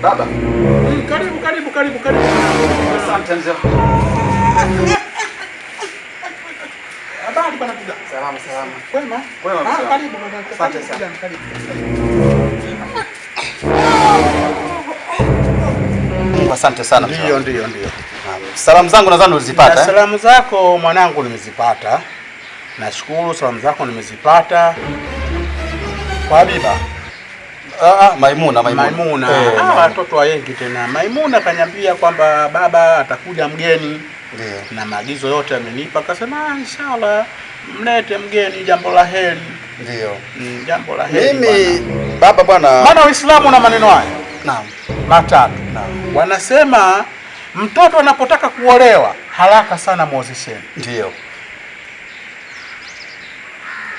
Baba. Mm, karibu, karibu, karibu, karibu. Asante mzee. Habari bwana kijana. Salama, salama. Kwema? Kwema Ah, karibu bwana. Asante sana. Karibu. Asante sana. Ndio, ndio, ndio. Salamu zangu nadhani ulizipata. Na eh? salamu zako mwanangu nimezipata. Nashukuru salamu zako nimezipata. Kwa Habiba. Ah, ah, Maimuna, Maimuna. Maimuna. Eh, ah, watoto waengi tena. Maimuna kanyambia kwamba baba atakuja mgeni yeah. na maagizo yote amenipa, akasema ah, inshallah mlete mgeni, jambo la heri. Ndio. Mm, jambo la heri. Mimi Baba bwana. Maana Uislamu na maneno haya. Naam. Matatu. Naam. Wanasema mtoto anapotaka kuolewa haraka sana muozesheni. Ndio.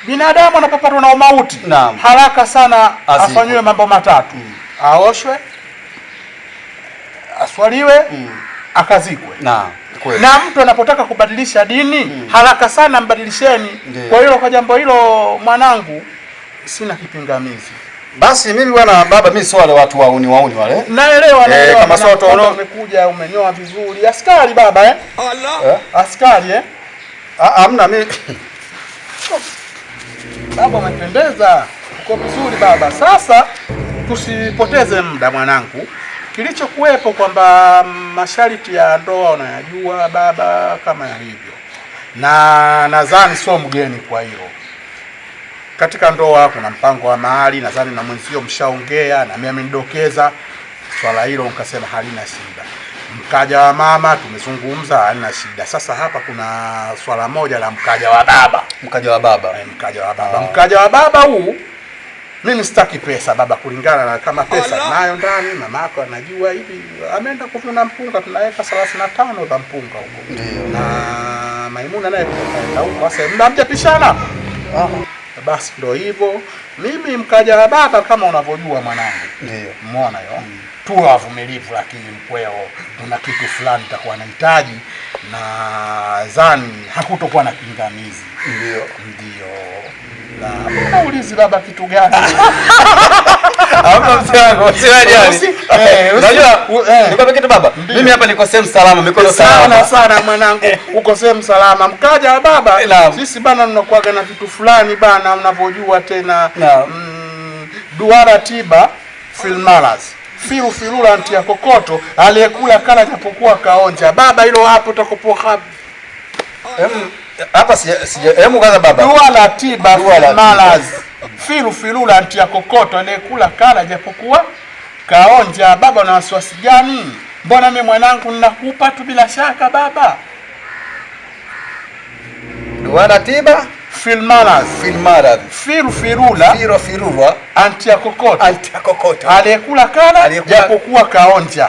Binadamu anapopatwa na mauti haraka sana afanyiwe mambo matatu mm. Aoshwe, aswaliwe mm. akazikwe na, na mtu anapotaka kubadilisha dini mm. haraka sana mbadilisheni. Kwa hiyo kwa jambo hilo mwanangu, sina kipingamizi. Basi mimi bwana baba, mimi sio wale watu wauni wauni wale. Naelewa eh, naelewa. Kama sio watu umekuja umenyoa vizuri. Askari baba eh? Allah. Eh? Askari eh? Ah, mimi oh. Baba umependeza, uko vizuri baba. Sasa tusipoteze muda mwanangu, kilichokuwepo kwamba masharti ya ndoa unayajua baba kama yalivyo, na nadhani sio mgeni kwa hiyo Katika ndoa kuna mpango wa mahari, nadhani na mwenzio mshaongea, na mimi amenidokeza swala hilo, nikasema halina shida mkaja wa mama tumezungumza, hana shida. Sasa hapa kuna swala moja la mkaja wa baba. Mkaja wa baba, eh, mkaja wa baba, ah. mkaja wa baba huu mimi sitaki pesa baba, kulingana na kama pesa oh, no. nayo ndani, mama yako anajua hivi, ameenda kuvuna mpunga, tunaweka thelathini na tano za mpunga huko na Maimuna naye kaenda huko, sasa mnamjapishana oh. Basi ndio hivyo, mimi mkaja wa baba kama unavyojua mwanangu, ndio umeona yo mm tuwe wavumilivu, lakini mkweo, kuna kitu fulani takuwa nahitaji, na zani hakutokuwa na pingamizi. Ndio, ndio. Naulizi labda kitu gani? Mimi hapa niko sehemu salama, mikono salama sana mwanangu, eh. uko sehemu salama. Mkaja baba, sisi bana, mnakuaga na vitu fulani bana, mnavyojua tena mm, duara tiba filmalas firu firula ya kokoto aliyekula kala japokuwa kaonja. Baba hilo hapo utakopoka hapa sijemu kaza baba dua la tiba malazi firu firula ya kokoto aliyekula kala japokuwa kaonja. Baba, na wasiwasi gani? Mbona mimi mwanangu ninakupa tu bila shaka baba. Dua la tiba filmara filmara firu firula firo firula antia kokota ya kokota, aliyekula kala aliyekula... japokuwa kaonja.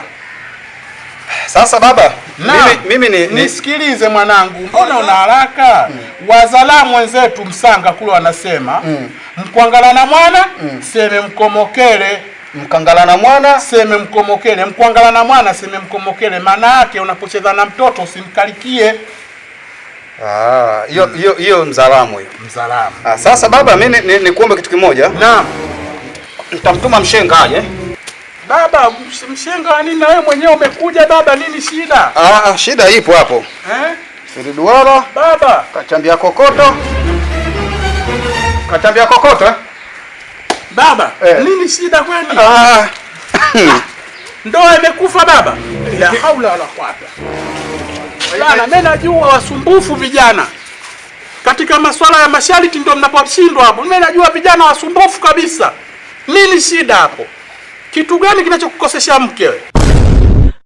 Sasa baba na, mimi, mimi ni, nisikilize mwanangu, mbona una haraka? mm. Wazalaa mwenzetu Msanga kule wanasema mm. mkwangalana mwana mm. seme mkomokele mkangala na mwana seme mkomokele, mkwangala na mwana seme mkomokele. Maana yake unapocheza na mtoto usimkalikie. Ah, hiyo ah, hiyo Mzalamu hiyo Mzalamu. Ah, sasa baba, mimi ni, ni, ni kitu kimoja. Naam. Nitamtuma mshenga aje. Baba, mshenga nini? Na wewe mwenyewe umekuja baba, nini shida? Ah, ah, shida ipo hapo eh? Siriduara baba, kachambia kokoto, kachambia kokoto eh? Baba eh, nini shida kweli? Ah. Ndoa imekufa baba, la haula wala quwwata wavulana, mimi najua wasumbufu vijana katika masuala ya masharti, ndio mnaposhindwa hapo. Mimi najua vijana wasumbufu kabisa. Nini shida hapo? Kitu gani kinachokukosesha mke wewe?